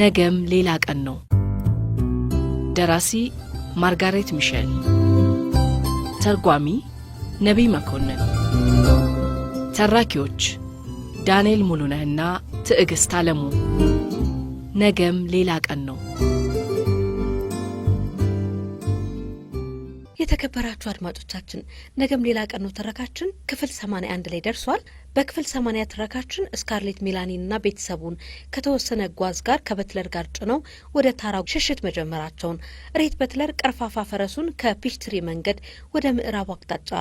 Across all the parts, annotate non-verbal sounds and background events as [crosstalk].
ነገም ሌላ ቀን ነው። ደራሲ ማርጋሬት ሚሸል፣ ተርጓሚ ነቢይ መኮንን፣ ተራኪዎች ዳንኤል ሙሉነህና ትዕግሥት አለሙ። ነገም ሌላ ቀን ነው። የተከበራችሁ አድማጮቻችን ነገም ሌላ ቀን ነው ተረካችን ክፍል 81 ላይ ደርሷል። በክፍል ሰማኒያ ትረካችን ስካርሌት ሚላኒና ቤተሰቡን ከተወሰነ ጓዝ ጋር ከበትለር ጋር ጭነው ወደ ታራ ሽሽት መጀመራቸውን ሬት በትለር ቀርፋፋ ፈረሱን ከፒሽትሪ መንገድ ወደ ምዕራብ አቅጣጫ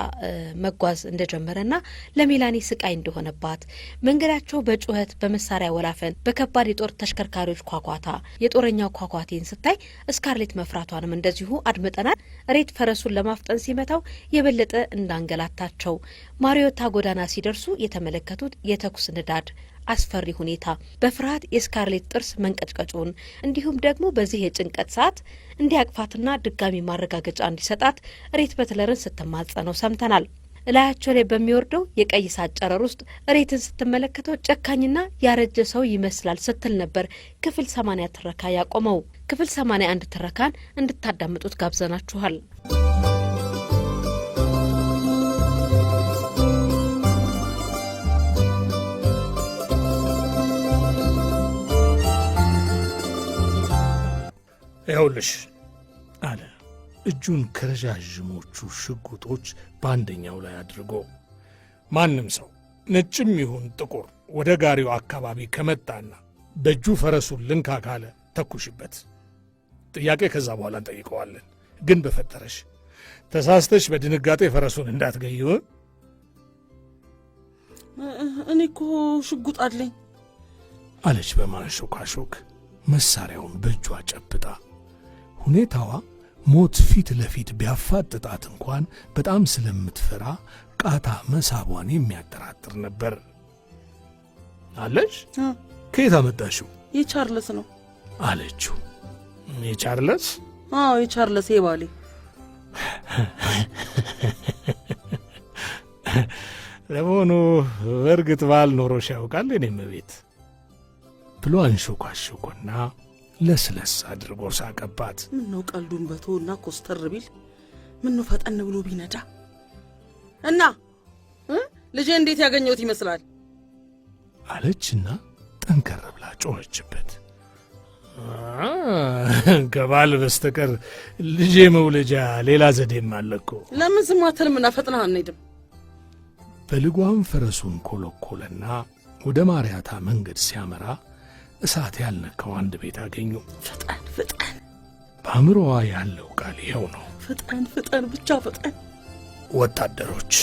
መጓዝ እንደጀመረና ለሚላኒ ስቃይ እንደሆነባት መንገዳቸው በጩኸት በመሳሪያ ወላፈን፣ በከባድ የጦር ተሽከርካሪዎች ኳኳታ፣ የጦረኛው ኳኳቴን ስታይ ስካርሌት መፍራቷንም እንደዚሁ አድምጠናል። ሬት ፈረሱን ለማፍጠን ሲመታው የበለጠ እንዳንገላታቸው ማሪዮታ ጎዳና ሲደርሱ የተመለከቱት የተኩስ ንዳድ አስፈሪ ሁኔታ በፍርሃት የስካርሌት ጥርስ መንቀጭቀጩን እንዲሁም ደግሞ በዚህ የጭንቀት ሰዓት እንዲያቅፋትና ድጋሚ ማረጋገጫ እንዲሰጣት ሬት በትለርን ስትማጸነው ሰምተናል። እላያቸው ላይ በሚወርደው የቀይ ሳት ጨረር ውስጥ እሬትን ስትመለከተው ጨካኝና ያረጀ ሰው ይመስላል ስትል ነበር ክፍል ሰማንያ ትረካ ያቆመው። ክፍል ሰማንያ አንድ ትረካን እንድታዳምጡት ጋብዘናችኋል። ይኸውልሽ አለ እጁን ከረዣዥሞቹ ሽጉጦች በአንደኛው ላይ አድርጎ ማንም ሰው ነጭም ይሁን ጥቁር ወደ ጋሪው አካባቢ ከመጣና በእጁ ፈረሱን ልንካ ካለ ተኩሽበት። ጥያቄ ከዛ በኋላ እንጠይቀዋለን። ግን በፈጠረሽ ተሳስተሽ በድንጋጤ ፈረሱን እንዳትገይው። እኔ እኮ ሽጉጥ አለኝ አለች በማንሾካሾክ መሳሪያውን በእጇ ጨብጣ ሁኔታዋ ሞት ፊት ለፊት ቢያፋጥጣት እንኳን በጣም ስለምትፈራ ቃታ መሳቧን የሚያጠራጥር ነበር። አለሽ ከየት አመጣሽው? የቻርለስ ነው አለችው። የቻርለስ? አዎ የቻርለስ የባሌ [laughs] ለመሆኑ በእርግጥ ባል ኖሮሽ ያውቃል? እኔም ቤት ብሎ አንሾኳሾኮና ለስለስ አድርጎ ሳቀባት። ምነው ቀልዱን በቶና ኮስተር ቢል ምነው ፈጠን ብሎ ቢነዳ እና ልጄ እንዴት ያገኘሁት ይመስላል አለችና ጠንከር ብላ ጮኸችበት። ከባል በስተቀር ልጄ መውለጃ ሌላ ዘዴም አለኮ ለምን ስማተል ምና ፈጥና አንሄድም? በልጓም ፈረሱን ኮለኮለና ወደ ማርያታ መንገድ ሲያመራ እሳት ያልነካው አንድ ቤት አገኙ። ፍጠን ፍጠን! በአእምሮዋ ያለው ቃል ይኸው ነው። ፍጠን ፍጠን፣ ብቻ ፍጠን! ወታደሮች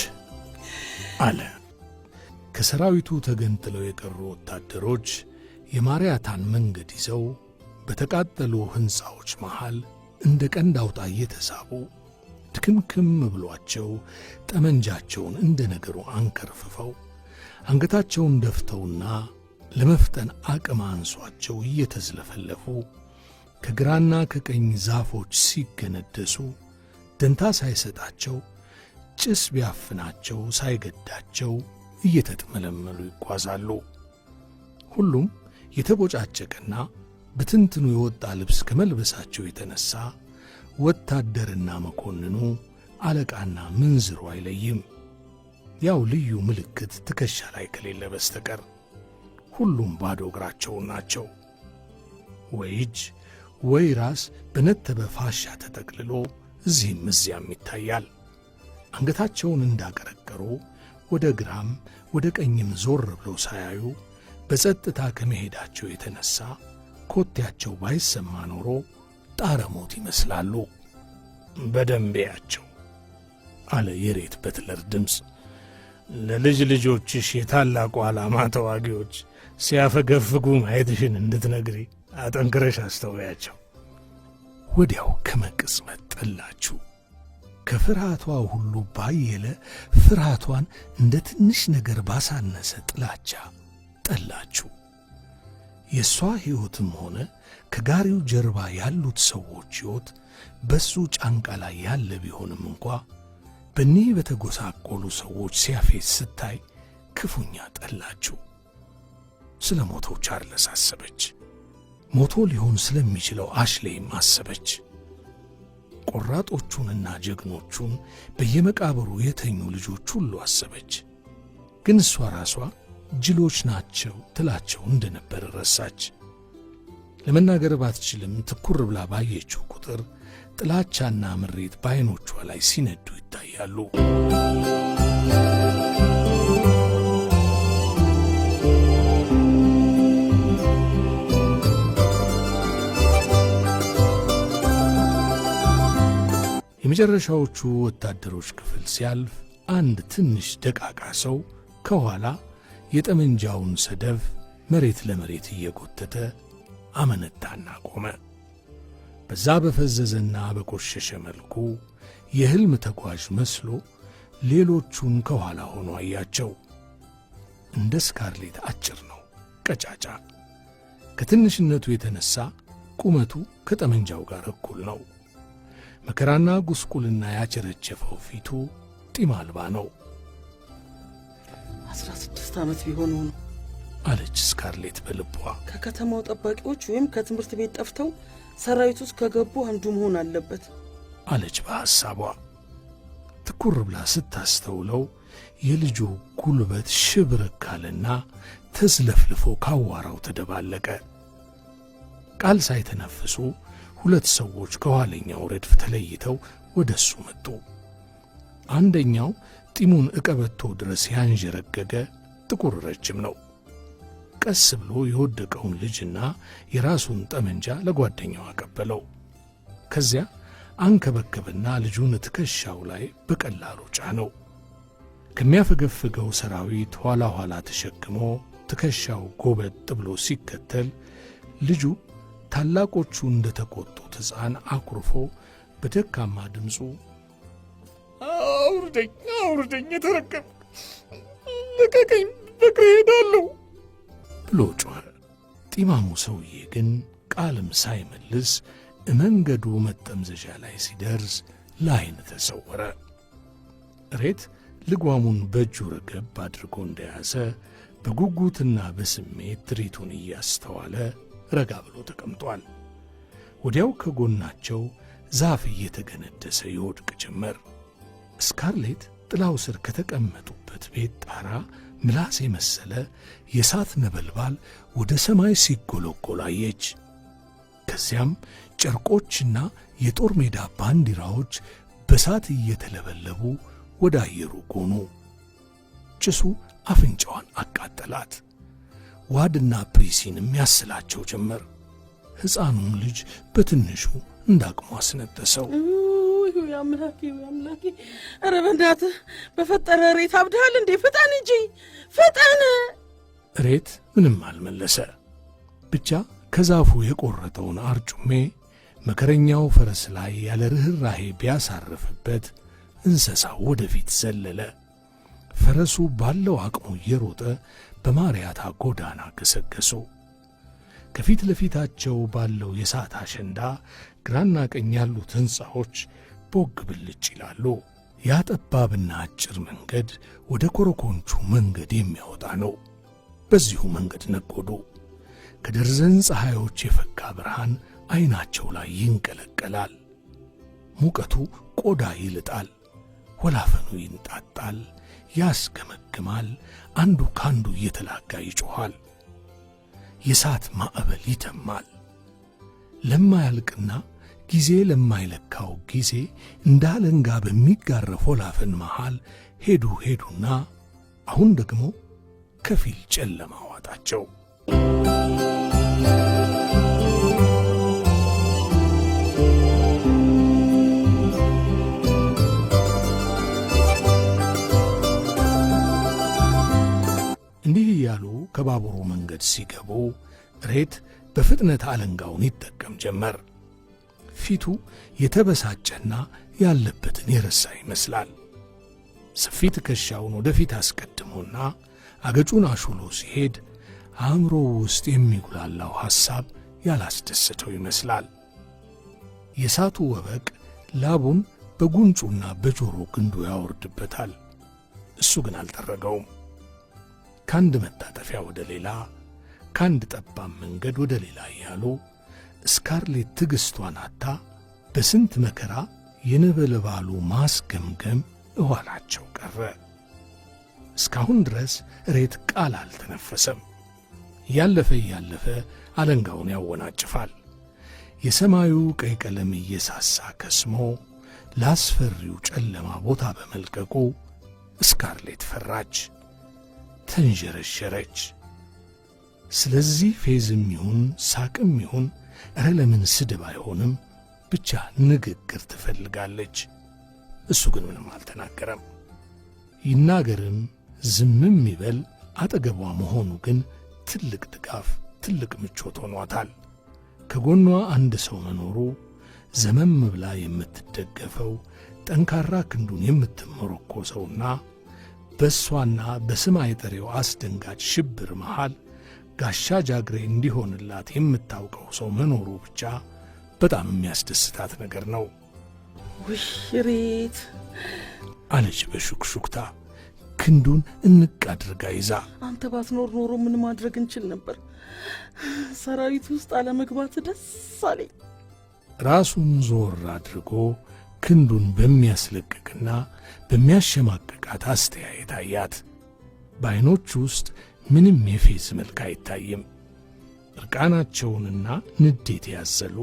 አለ። ከሰራዊቱ ተገንጥለው የቀሩ ወታደሮች የማርያታን መንገድ ይዘው በተቃጠሉ ሕንፃዎች መሃል እንደ ቀንድ አውጣ እየተሳቡ ድክምክም ብሏቸው ጠመንጃቸውን እንደ ነገሩ አንከርፍፈው አንገታቸውን ደፍተውና ለመፍጠን አቅም አንሷቸው እየተዝለፈለፉ ከግራና ከቀኝ ዛፎች ሲገነደሱ ደንታ ሳይሰጣቸው ጭስ ቢያፍናቸው ሳይገዳቸው እየተጥመለመሉ ይጓዛሉ። ሁሉም የተቦጫጨቀና በትንትኑ የወጣ ልብስ ከመልበሳቸው የተነሳ ወታደርና መኮንኑ አለቃና ምንዝሩ አይለይም፣ ያው ልዩ ምልክት ትከሻ ላይ ከሌለ በስተቀር። ሁሉም ባዶ እግራቸውን ናቸው። ወይ እጅ ወይ ራስ በነተበ ፋሻ ተጠቅልሎ እዚህም እዚያም ይታያል። አንገታቸውን እንዳቀረቀሩ ወደ ግራም ወደ ቀኝም ዞር ብሎ ሳያዩ በጸጥታ ከመሄዳቸው የተነሳ ኮቴያቸው ባይሰማ ኖሮ ጣረሞት ይመስላሉ። በደንቤያቸው አለ የሬት በትለር ድምፅ፣ ለልጅ ልጆችሽ የታላቁ ዓላማ ተዋጊዎች ሲያፈገፍጉ ማየትሽን እንድትነግሪ አጠንክረሽ አስተውያቸው። ወዲያው ከመቅጽበት ጠላችሁ። ከፍርሃቷ ሁሉ ባየለ ፍርሃቷን እንደ ትንሽ ነገር ባሳነሰ ጥላቻ ጠላችሁ። የእሷ ሕይወትም ሆነ ከጋሪው ጀርባ ያሉት ሰዎች ሕይወት በሱ ጫንቃ ላይ ያለ ቢሆንም እንኳ በእኒህ በተጎሳቆሉ ሰዎች ሲያፌት ስታይ ክፉኛ ጠላችሁ። ስለ ሞተው ቻርለስ አሰበች። ሞቶ ሊሆን ስለሚችለው አሽሌይም አሰበች። ቆራጦቹንና ጀግኖቹን በየመቃብሩ የተኙ ልጆች ሁሉ አሰበች። ግን እሷ ራሷ ጅሎች ናቸው ትላቸው እንደነበር ረሳች። ለመናገር ባትችልም ትኩር ብላ ባየችው ቁጥር ጥላቻና ምሬት በዐይኖቿ ላይ ሲነዱ ይታያሉ። የመጨረሻዎቹ ወታደሮች ክፍል ሲያልፍ አንድ ትንሽ ደቃቃ ሰው ከኋላ የጠመንጃውን ሰደፍ መሬት ለመሬት እየጎተተ አመነታና ቆመ። በዛ በፈዘዘና በቆሸሸ መልኩ የሕልም ተጓዥ መስሎ ሌሎቹን ከኋላ ሆኖ አያቸው። እንደ ስካርሌት አጭር ነው፣ ቀጫጫ። ከትንሽነቱ የተነሳ ቁመቱ ከጠመንጃው ጋር እኩል ነው። መከራና ጉስቁልና ያቸረቸፈው ፊቱ ጢም አልባ ነው። አስራ ስድስት ዓመት ቢሆነው ነው አለች ስካርሌት በልቧ። ከከተማው ጠባቂዎች ወይም ከትምህርት ቤት ጠፍተው ሰራዊት ውስጥ ከገቡ አንዱ መሆን አለበት አለች በሐሳቧ። ትኩር ብላ ስታስተውለው የልጁ ጉልበት ሽብርካልና ተዝለፍልፎ ካዋራው ተደባለቀ። ቃል ሳይተነፍሱ ሁለት ሰዎች ከኋለኛው ረድፍ ተለይተው ወደ እሱ መጡ። አንደኛው ጢሙን እቀበቶ ድረስ ያንዠረገገ ጥቁር ረጅም ነው። ቀስ ብሎ የወደቀውን ልጅና የራሱን ጠመንጃ ለጓደኛው አቀበለው። ከዚያ አንከበከብና ልጁን ትከሻው ላይ በቀላሉ ጫነው። ከሚያፈገፍገው ሰራዊት ኋላ ኋላ ተሸክሞ ትከሻው ጎበጥ ብሎ ሲከተል ልጁ ታላቆቹ እንደተቆጡት ሕፃን አኩርፎ በደካማ ድምፁ አውርደኝ፣ አውርደኝ፣ የተረገም ልቀቀኝ፣ በእግሬ ሄዳለሁ ብሎ ጮኸ። ጢማሙ ሰውዬ ግን ቃልም ሳይመልስ መንገዱ መጠምዘዣ ላይ ሲደርስ ለዓይን ተሰወረ። እሬት ልጓሙን በእጁ ረገብ አድርጎ እንደያዘ በጉጉትና በስሜት ትርኢቱን እያስተዋለ ረጋ ብሎ ተቀምጧል። ወዲያው ከጎናቸው ዛፍ እየተገነደሰ ይወድቅ ጀመር። ስካርሌት ጥላው ስር ከተቀመጡበት ቤት ጣራ ምላስ የመሰለ የእሳት ነበልባል ወደ ሰማይ ሲጎለጎል አየች። ከዚያም ጨርቆችና የጦር ሜዳ ባንዲራዎች በሳት እየተለበለቡ ወደ አየሩ ጎኑ። ጭሱ አፍንጫዋን አቃጠላት። ዋድና ፕሪሲንም ያስላቸው ጀመር። ሕፃኑን ልጅ በትንሹ እንዳቅሙ አስነጠሰው። አምላኬ አምላኬ! ኧረ በእናትህ በፈጠረ ሬት አብድሃል እንዴ? ፍጠን እንጂ ፍጠን! ሬት ምንም አልመለሰ። ብቻ ከዛፉ የቆረጠውን አርጩሜ መከረኛው ፈረስ ላይ ያለ ርኅራሄ ቢያሳርፍበት እንስሳው ወደፊት ዘለለ። ፈረሱ ባለው አቅሙ እየሮጠ በማርያታ ጎዳና ገሰገሱ። ከፊት ለፊታቸው ባለው የእሳት አሸንዳ ግራና ቀኝ ያሉት ሕንፃዎች ቦግ ብልጭ ይላሉ። ያ ጠባብና አጭር መንገድ ወደ ኮረኮንቹ መንገድ የሚያወጣ ነው። በዚሁ መንገድ ነጎዱ። ከደርዘን ፀሐዮች የፈካ ብርሃን ዐይናቸው ላይ ይንቀለቀላል። ሙቀቱ ቆዳ ይልጣል፣ ወላፈኑ ይንጣጣል። ያስገመግማል። አንዱ ካንዱ እየተላጋ ይጮኋል። የእሳት ማዕበል ይተማል። ለማያልቅና ጊዜ ለማይለካው ጊዜ እንደ አለንጋ በሚጋረፍ ወላፈን መሃል ሄዱ ሄዱና አሁን ደግሞ ከፊል ጨለማ ዋጣቸው። ሲገቡ ሬት በፍጥነት አለንጋውን ይጠቀም ጀመር። ፊቱ የተበሳጨና ያለበትን የረሳ ይመስላል። ሰፊ ትከሻውን ወደፊት አስቀድሞና አገጩን አሹሎ ሲሄድ አእምሮ ውስጥ የሚጉላላው ሐሳብ ያላስደሰተው ይመስላል። የሳቱ ወበቅ ላቡን በጉንጩና በጆሮ ግንዱ ያወርድበታል። እሱ ግን አልጠረገውም። ከአንድ መታጠፊያ ወደ ሌላ ከአንድ ጠባብ መንገድ ወደ ሌላ እያሉ ስካርሌት ትዕግሥቷን አታ በስንት መከራ የነበለባሉ ማስገምገም እኋላቸው ቀረ። እስካሁን ድረስ ሬት ቃል አልተነፈሰም። ያለፈ እያለፈ አለንጋውን ያወናጭፋል። የሰማዩ ቀይ ቀለም እየሳሳ ከስሞ ለአስፈሪው ጨለማ ቦታ በመልቀቁ ስካርሌት ፈራች፣ ተንዠረሸረች። ስለዚህ ፌዝም ይሁን ሳቅም ይሁን እረ ለምን ስድብ አይሆንም ብቻ ንግግር ትፈልጋለች። እሱ ግን ምንም አልተናገረም። ይናገርም ዝምም ይበል አጠገቧ መሆኑ ግን ትልቅ ድጋፍ፣ ትልቅ ምቾት ሆኗታል። ከጎኗ አንድ ሰው መኖሩ ዘመም ብላ የምትደገፈው ጠንካራ ክንዱን የምትመረኮሰውና በእሷና በስም አይጠሬው አስደንጋጭ ሽብር መሃል ጋሻ ጃግሬ እንዲሆንላት የምታውቀው ሰው መኖሩ ብቻ በጣም የሚያስደስታት ነገር ነው። ውሽሪት አለች በሹክሹክታ ክንዱን እንቅ አድርጋ ይዛ። አንተ ባትኖር ኖሮ ምን ማድረግ እንችል ነበር? ሰራዊት ውስጥ አለመግባት ደስ አለኝ። ራሱን ዞር አድርጎ ክንዱን በሚያስለቅቅና በሚያሸማቅቃት አስተያየት አያት። በዐይኖቹ ውስጥ ምንም የፌዝ መልክ አይታይም። እርቃናቸውንና ንዴት ያዘሉ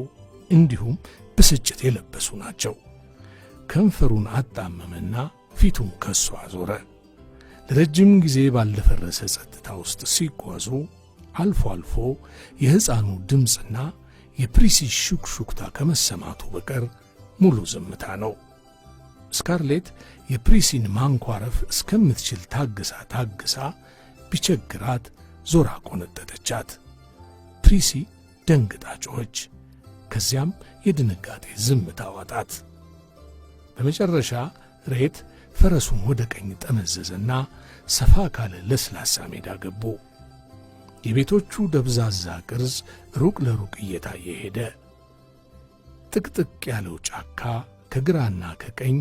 እንዲሁም ብስጭት የለበሱ ናቸው። ከንፈሩን አጣመመና ፊቱን ከሱ አዞረ። ለረጅም ጊዜ ባልደፈረሰ ጸጥታ ውስጥ ሲጓዙ አልፎ አልፎ የሕፃኑ ድምፅና የፕሪሲ ሹክሹክታ ከመሰማቱ በቀር ሙሉ ዝምታ ነው። ስካርሌት የፕሪሲን ማንኳረፍ እስከምትችል ታግሳ ታግሳ ቢቸግራት ዞራ ቆነጠጠቻት! ፕሪሲ ደንግጣ ጮኸች። ከዚያም የድንጋጤ ዝምታ ዋጣት። በመጨረሻ ሬት ፈረሱን ወደ ቀኝ ጠመዘዘና ሰፋ ካለ ለስላሳ ሜዳ ገቡ። የቤቶቹ ደብዛዛ ቅርጽ ሩቅ ለሩቅ እየታየ ሄደ። ጥቅጥቅ ያለው ጫካ ከግራና ከቀኝ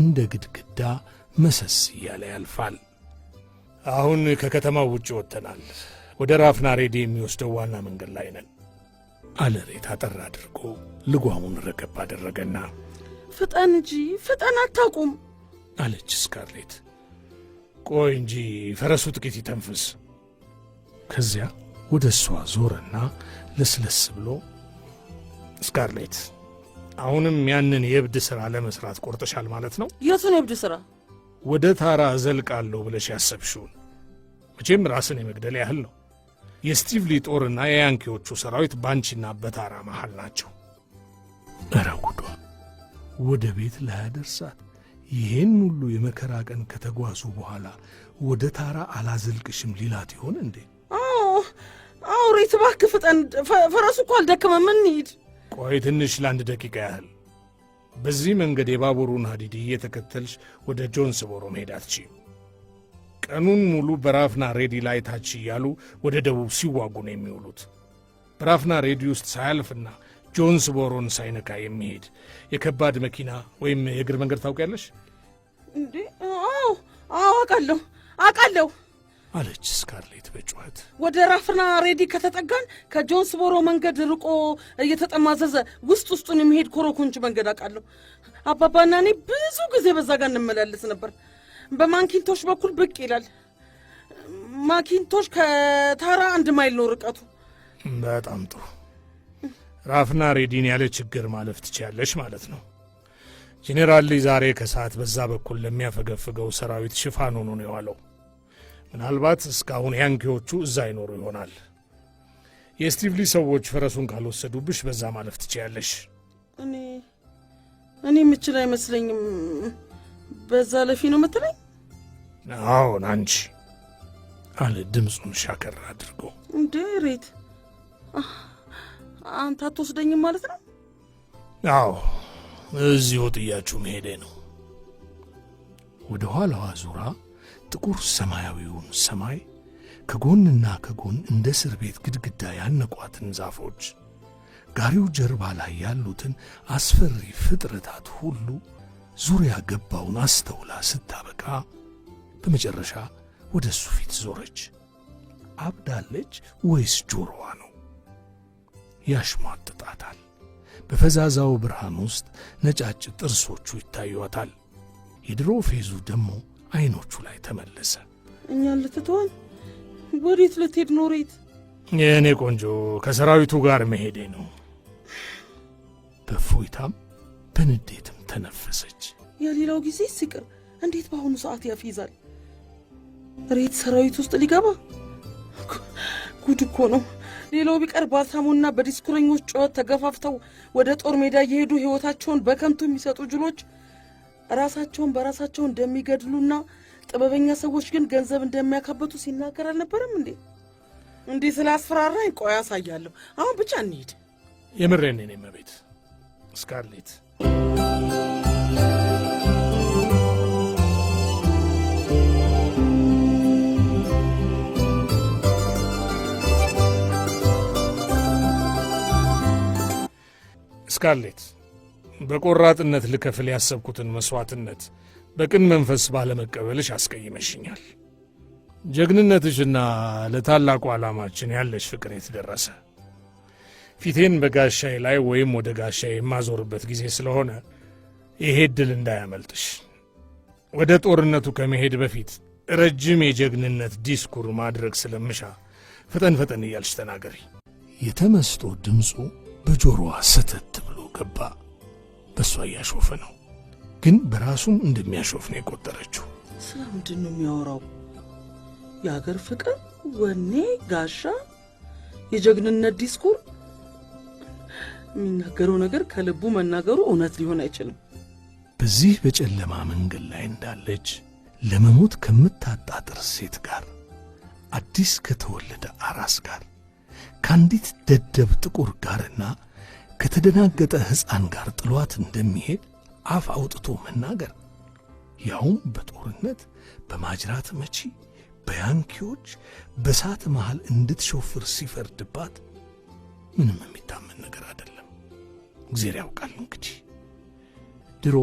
እንደ ግድግዳ መሰስ እያለ ያልፋል። አሁን ከከተማው ውጭ ወጥተናል። ወደ ራፍና ሬዲ የሚወስደው ዋና መንገድ ላይ ነን አለ ሬት አጠር አድርጎ ልጓሙን ረገብ አደረገና ፍጠን እንጂ ፍጠን አታቁም አለች ስካርሌት። ቆይ እንጂ ፈረሱ ጥቂት ይተንፍስ። ከዚያ ወደ እሷ ዞረና ለስለስ ብሎ ስካርሌት፣ አሁንም ያንን የእብድ ሥራ ለመስራት ቆርጠሻል ማለት ነው? የቱን የእብድ ሥራ? ወደ ታራ ዘልቃለሁ ብለሽ ያሰብሽውን መቼም ራስን የመግደል ያህል ነው። የስቲቭ ሊጦር ጦርና የያንኪዎቹ ሰራዊት ባንቺና በታራ መሃል ናቸው። እረ ጉዷ ወደ ቤት ላያደርሳት። ይህን ሁሉ የመከራ ቀን ከተጓዙ በኋላ ወደ ታራ አላዘልቅሽም ሊላት ይሆን እንዴ? አውሬት፣ እባክህ ፍጠን፣ ፈረሱ እኮ አልደከመም። እንሂድ። ቆይ ትንሽ ለአንድ ደቂቃ ያህል በዚህ መንገድ የባቡሩን ሀዲድ እየተከተልሽ ወደ ጆንስቦሮ መሄድ አትቺ። ቀኑን ሙሉ በራፍና ሬዲ ላይ ታች እያሉ ወደ ደቡብ ሲዋጉ ነው የሚውሉት። በራፍና ሬዲ ውስጥ ሳያልፍና ጆንስቦሮን ሳይነካ የሚሄድ የከባድ መኪና ወይም የእግር መንገድ ታውቂያለሽ እንዴ? አዎ አዎ፣ አውቃለሁ አውቃለሁ። አለች ስካርሌት በጩኸት ወደ ራፍና ሬዲ ከተጠጋን ከጆንስቦሮ መንገድ ርቆ እየተጠማዘዘ ውስጥ ውስጡን የሚሄድ ኮሮኮንች መንገድ አውቃለሁ። አባባና እኔ ብዙ ጊዜ በዛ ጋር እንመላለስ ነበር። በማኪንቶሽ በኩል ብቅ ይላል። ማኪንቶሽ ከታራ አንድ ማይል ነው ርቀቱ። በጣም ጥሩ። ራፍና ሬዲን ያለ ችግር ማለፍ ትችያለሽ ማለት ነው። ጄኔራል ሊ ዛሬ ከሰዓት በዛ በኩል ለሚያፈገፍገው ሰራዊት ሽፋን ሆኖ ነው የዋለው። ምናልባት እስካሁን ያንኪዎቹ እዛ ይኖሩ ይሆናል። የስቲቭሊ ሰዎች ፈረሱን ካልወሰዱብሽ በዛ ማለፍ ትችያለሽ። እኔ እኔ የምችል አይመስለኝም። በዛ ለፊ ነው ምትለኝ? አዎን አንቺ አለ ድምፁን ሻከር አድርጎ። እንዴ ሬት አንተ አትወስደኝም ማለት ነው? አዎ እዚሁ ጥያችሁ መሄዴ ነው። ወደ ኋላዋ ዙራ ጥቁር ሰማያዊውን ሰማይ ከጎንና ከጎን እንደ እስር ቤት ግድግዳ ያነቋትን ዛፎች ጋሪው ጀርባ ላይ ያሉትን አስፈሪ ፍጥረታት ሁሉ ዙሪያ ገባውን አስተውላ ስታበቃ በመጨረሻ ወደ እሱ ፊት ዞረች። አብዳለች ወይስ ጆሮዋ ነው? ያሽሟጥጣታል። በፈዛዛው ብርሃን ውስጥ ነጫጭ ጥርሶቹ ይታዩታል። የድሮ ፌዙ ደግሞ አይኖቹ ላይ ተመለሰ። እኛን ልትትሆን ወዴት ልትሄድ ነው? የእኔ ቆንጆ ከሰራዊቱ ጋር መሄዴ ነው። በፎይታም በንዴትም ተነፈሰች። የሌላው ጊዜ ስቅር እንዴት በአሁኑ ሰዓት ያፍይዛል ሬት ሰራዊት ውስጥ ሊገባ ጉድ እኮ ነው። ሌላው ቢቀር ባልታሙና በዲስኩረኞች ጩኸት ተገፋፍተው ወደ ጦር ሜዳ እየሄዱ ሕይወታቸውን በከንቱ የሚሰጡ ጅሎች ራሳቸውን በራሳቸው እንደሚገድሉና ጥበበኛ ሰዎች ግን ገንዘብ እንደሚያካበቱ ሲናገር አልነበረም እንዴ? እንዲህ ስላስፈራራኝ ቆይ አሳያለሁ። አሁን ብቻ እንሂድ። የምሬን እኔ መቤት ስካርሌት ስካርሌት በቆራጥነት ልከፍል ያሰብኩትን መሥዋዕትነት በቅን መንፈስ ባለመቀበልሽ አስቀይመሽኛል። ጀግንነትሽና ለታላቁ ዓላማችን ያለሽ ፍቅር የተደረሰ ፊቴን በጋሻዬ ላይ ወይም ወደ ጋሻዬ የማዞርበት ጊዜ ስለሆነ ይሄ ድል እንዳያመልጥሽ። ወደ ጦርነቱ ከመሄድ በፊት ረጅም የጀግንነት ዲስኩር ማድረግ ስለምሻ ፈጠን ፈጠን እያልሽ ተናገሪ። የተመስጦ ድምፁ በጆሮዋ ሰተት ብሎ ገባ። በእሷ እያሾፈ ነው፣ ግን በራሱም እንደሚያሾፍ ነው የቆጠረችው። ስለምንድን ነው የሚያወራው? የአገር ፍቅር፣ ወኔ፣ ጋሻ፣ የጀግንነት ዲስኩር የሚናገረው ነገር ከልቡ መናገሩ እውነት ሊሆን አይችልም። በዚህ በጨለማ መንገድ ላይ እንዳለች ለመሞት ከምታጣጥር ሴት ጋር አዲስ ከተወለደ አራስ ጋር ከአንዲት ደደብ ጥቁር ጋርና ከተደናገጠ ሕፃን ጋር ጥሏት እንደሚሄድ አፍ አውጥቶ መናገር ያውም በጦርነት በማጅራት መቺ በያንኪዎች በሳት መሃል እንድትሾፍር ሲፈርድባት ምንም የሚታመን ነገር አይደለም። እግዜር ያውቃል። እንግዲህ ድሮ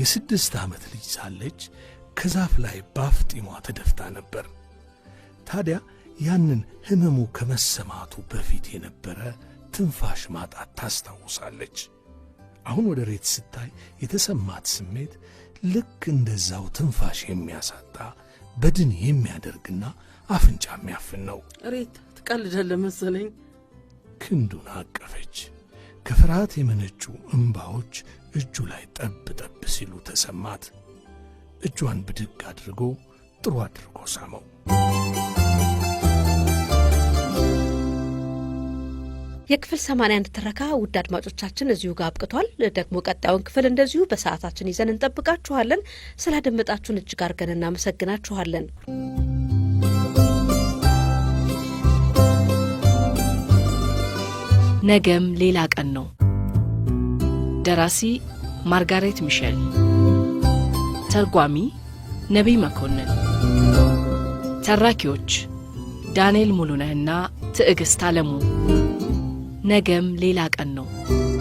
የስድስት ዓመት ልጅ ሳለች ከዛፍ ላይ ባፍጢሟ ተደፍታ ነበር። ታዲያ ያንን ህመሙ ከመሰማቱ በፊት የነበረ ትንፋሽ ማጣት ታስታውሳለች። አሁን ወደ ሬት ስታይ የተሰማት ስሜት ልክ እንደዛው ትንፋሽ የሚያሳጣ በድን የሚያደርግና አፍንጫ የሚያፍን ነው። ሬት ትቀልዳለህ መሰለኝ። ክንዱን አቀፈች። ከፍርሃት የመነጩ እምባዎች እጁ ላይ ጠብ ጠብ ሲሉ ተሰማት። እጇን ብድግ አድርጎ ጥሩ አድርጎ ሳመው። የክፍል 81 ትረካ ውድ አድማጮቻችን እዚሁ ጋር አብቅቷል። ደግሞ ቀጣዩን ክፍል እንደዚሁ በሰዓታችን ይዘን እንጠብቃችኋለን። ስላደመጣችሁን እጅግ አድርገን እናመሰግናችኋለን። ነገም ሌላ ቀን ነው። ደራሲ ማርጋሬት ሚሸል፣ ተርጓሚ ነቢይ መኮንን፣ ተራኪዎች ዳንኤል ሙሉነህና ትዕግሥት አለሙ ነገም ሌላ ቀን ነው።